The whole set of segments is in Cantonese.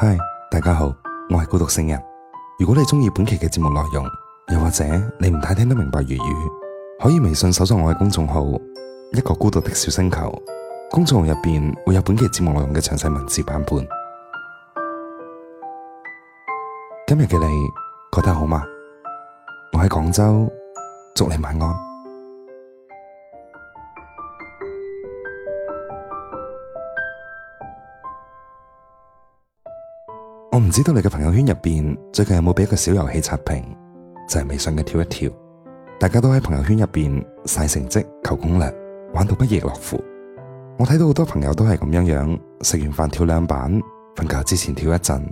嗨，Hi, 大家好，我係孤獨星人。如果你中意本期嘅節目內容，又或者你唔太聽得明白粵語，可以微信搜索我嘅公眾號一個孤獨的小星球，公眾號入邊會有本期節目內容嘅詳細文字版本。今日嘅你覺得好嗎？我喺廣州，祝你晚安。我唔知道你嘅朋友圈入邊最近有冇俾一個小遊戲刷屏，就係微信嘅跳一跳，大家都喺朋友圈入邊曬成績、求攻略，玩到不亦樂乎。我睇到好多朋友都係咁樣樣，食完飯跳兩版，瞓覺之前跳一陣，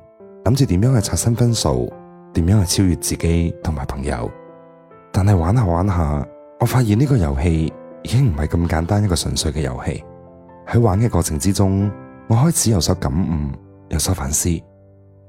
諗住點樣去刷新分數，點樣去超越自己同埋朋友。但係玩下玩下，我發現呢個遊戲已經唔係咁簡單一個純粹嘅遊戲。喺玩嘅過程之中，我開始有所感悟，有所反思。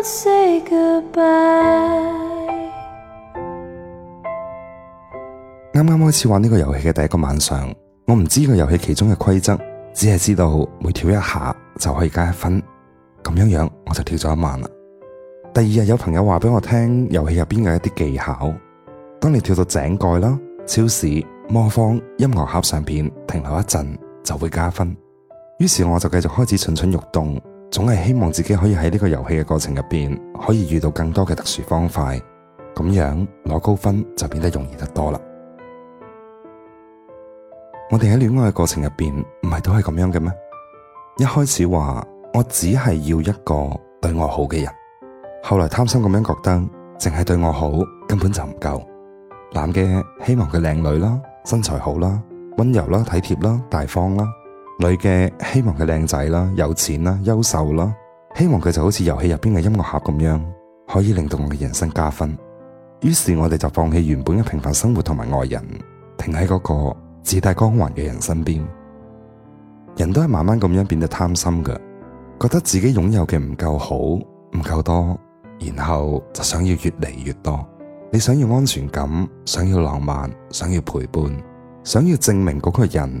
啱啱開始玩呢個遊戲嘅第一個晚上，我唔知個遊戲其中嘅規則，只係知道每跳一下就可以加一分。咁樣樣我就跳咗一晚啦。第二日有朋友話俾我聽遊戲入邊嘅一啲技巧，當你跳到井蓋啦、超市、魔方、音樂盒上邊停留一陣就會加分。於是我就繼續開始蠢蠢欲動。總係希望自己可以喺呢個遊戲嘅過程入邊，可以遇到更多嘅特殊方塊，咁樣攞高分就變得容易得多啦。我哋喺戀愛嘅過程入邊，唔係都係咁樣嘅咩？一開始話我只係要一個對我好嘅人，後來貪心咁樣覺得，淨係對我好根本就唔夠。男嘅希望佢靚女啦，身材好啦，温柔啦，體貼啦，大方啦。女嘅希望佢靚仔啦，有錢啦，優秀啦，希望佢就好似遊戲入邊嘅音樂盒咁樣，可以令到我嘅人生加分。於是我哋就放棄原本嘅平凡生活同埋愛人，停喺嗰個自帶光環嘅人身邊。人都係慢慢咁樣變得貪心嘅，覺得自己擁有嘅唔夠好，唔夠多，然後就想要越嚟越多。你想要安全感，想要浪漫，想要陪伴，想要證明嗰個人。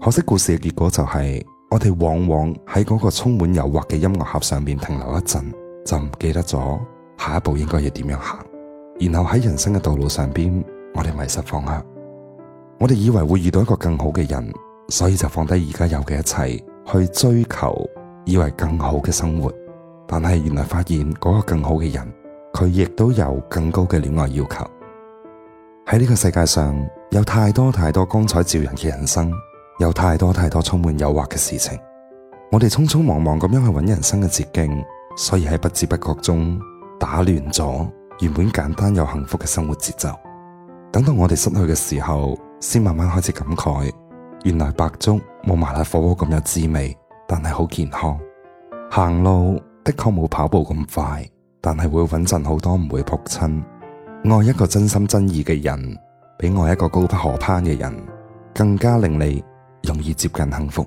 可惜故事嘅結果就係，我哋往往喺嗰個充滿誘惑嘅音樂盒上面停留一陣，就唔記得咗下一步應該要點樣行，然後喺人生嘅道路上邊，我哋迷失方向。我哋以為會遇到一個更好嘅人，所以就放低而家有嘅一切去追求以為更好嘅生活，但係原來發現嗰個更好嘅人。佢亦都有更高嘅戀愛要求。喺呢個世界上，有太多太多光彩照人嘅人生，有太多太多充滿誘惑嘅事情。我哋匆匆忙忙咁樣去搵人生嘅捷徑，所以喺不知不覺中打亂咗原本簡單又幸福嘅生活節奏。等到我哋失去嘅時候，先慢慢開始感慨，原來白粥冇麻辣火鍋咁有滋味，但係好健康。行路的確冇跑步咁快。但係會穩陣好多，唔會撲親。愛一個真心真意嘅人，比愛一個高不可攀嘅人更加令你容易接近幸福。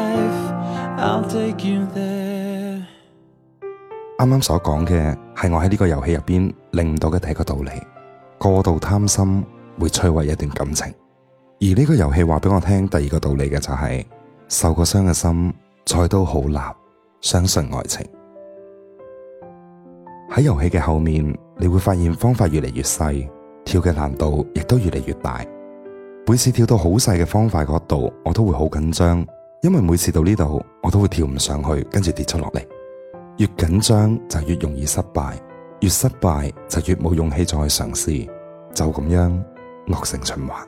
啱啱所講嘅係我喺呢個遊戲入邊領悟到嘅第一個道理：過度貪心會摧毀一段感情。而呢個遊戲話俾我聽第二個道理嘅就係、是：受過傷嘅心再都好難，相信愛情。喺遊戲嘅後面，你會發現方塊越嚟越細，跳嘅難度亦都越嚟越大。每次跳到好細嘅方塊角度，我都會好緊張。因為每次到呢度，我都會跳唔上去，跟住跌咗落嚟。越緊張就越容易失敗，越失敗就越冇勇氣再去嘗試，就咁樣惡性循環。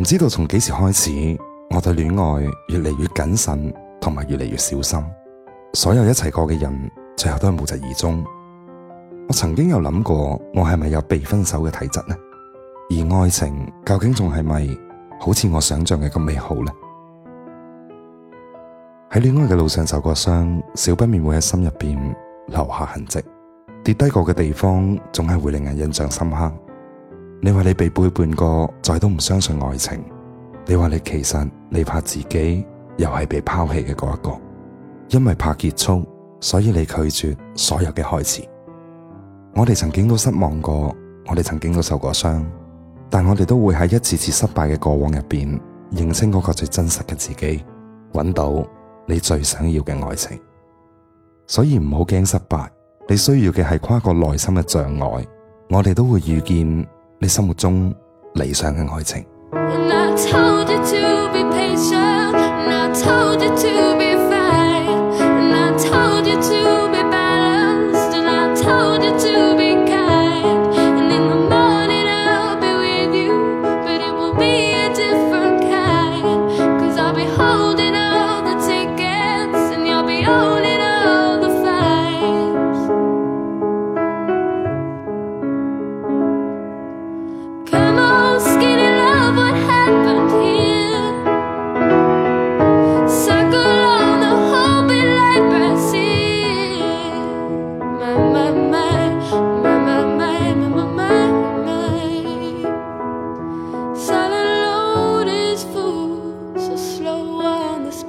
唔知道從幾時開始，我對戀愛越嚟越謹慎，同埋越嚟越小心。所有一齊過嘅人，最後都係無疾而終。我曾經有諗過，我係咪有被分手嘅體質呢？而愛情究竟仲係咪好似我想象嘅咁美好呢？喺戀愛嘅路上受過傷，少不免會喺心入邊留下痕跡。跌低過嘅地方，總係會令人印象深刻。你話你被背叛過，再都唔相信愛情。你話你其實你怕自己又係被拋棄嘅嗰一個，因為怕結束，所以你拒絕所有嘅開始。我哋曾經都失望過，我哋曾經都受過傷，但我哋都會喺一次次失敗嘅過往入邊，認清嗰個最真實嘅自己，搵到。你最想要嘅愛情，所以唔好驚失敗。你需要嘅係跨過內心嘅障礙。我哋都會遇見你心目中理想嘅愛情。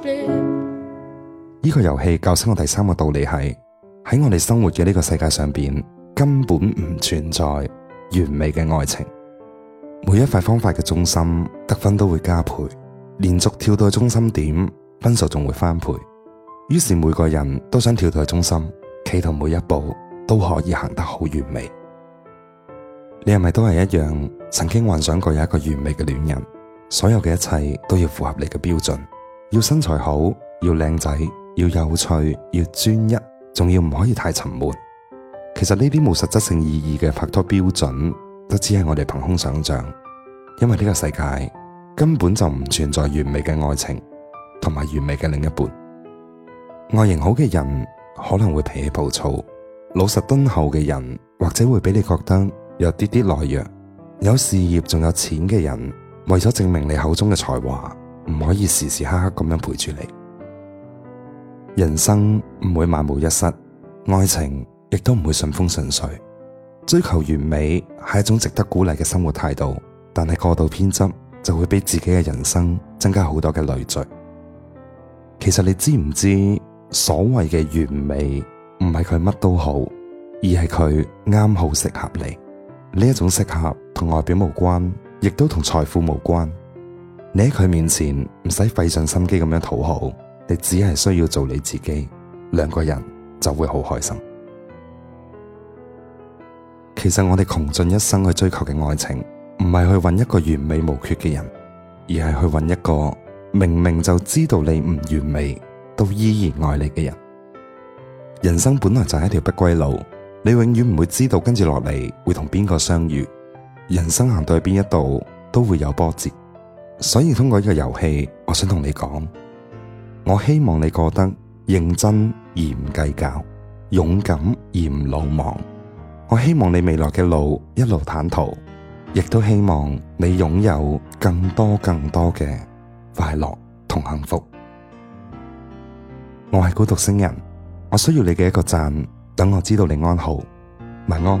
呢個遊戲教出我第三個道理係，喺我哋生活嘅呢個世界上邊根本唔存在完美嘅愛情。每一塊方法嘅中心得分都會加倍，連續跳到中心點分數仲會翻倍。於是每個人都想跳到中心，企圖每一步都可以行得好完美。你係咪都係一樣？曾經幻想過有一個完美嘅戀人，所有嘅一切都要符合你嘅標準。要身材好，要靚仔，要有趣，要專一，仲要唔可以太沉悶。其實呢啲冇實質性意義嘅拍拖標準，都只係我哋憑空想象。因為呢個世界根本就唔存在完美嘅愛情，同埋完美嘅另一半。外形好嘅人可能會脾氣暴躁，老實敦厚嘅人或者會俾你覺得有啲啲懦弱，有事業仲有錢嘅人為咗證明你口中嘅才華。唔可以時時刻刻咁樣陪住你，人生唔會萬無一失，愛情亦都唔會順風順水。追求完美係一種值得鼓勵嘅生活態度，但係過度偏執就會俾自己嘅人生增加好多嘅累贅。其實你知唔知所謂嘅完美唔係佢乜都好，而係佢啱好適合你。呢一種適合同外表無關，亦都同財富無關。你喺佢面前唔使費盡心機咁樣討好，你只係需要做你自己，兩個人就會好開心。其實我哋窮盡一生去追求嘅愛情，唔係去揾一個完美無缺嘅人，而係去揾一個明明就知道你唔完美，都依然愛你嘅人。人生本來就係一條不歸路，你永遠唔會知道會跟住落嚟會同邊個相遇。人生行到去邊一度都會有波折。所以通過呢個遊戲，我想同你講，我希望你過得認真而唔計較，勇敢而唔魯莽。我希望你未來嘅路一路坦途，亦都希望你擁有更多更多嘅快樂同幸福。我係孤獨星人，我需要你嘅一個讚，等我知道你安好，晚安。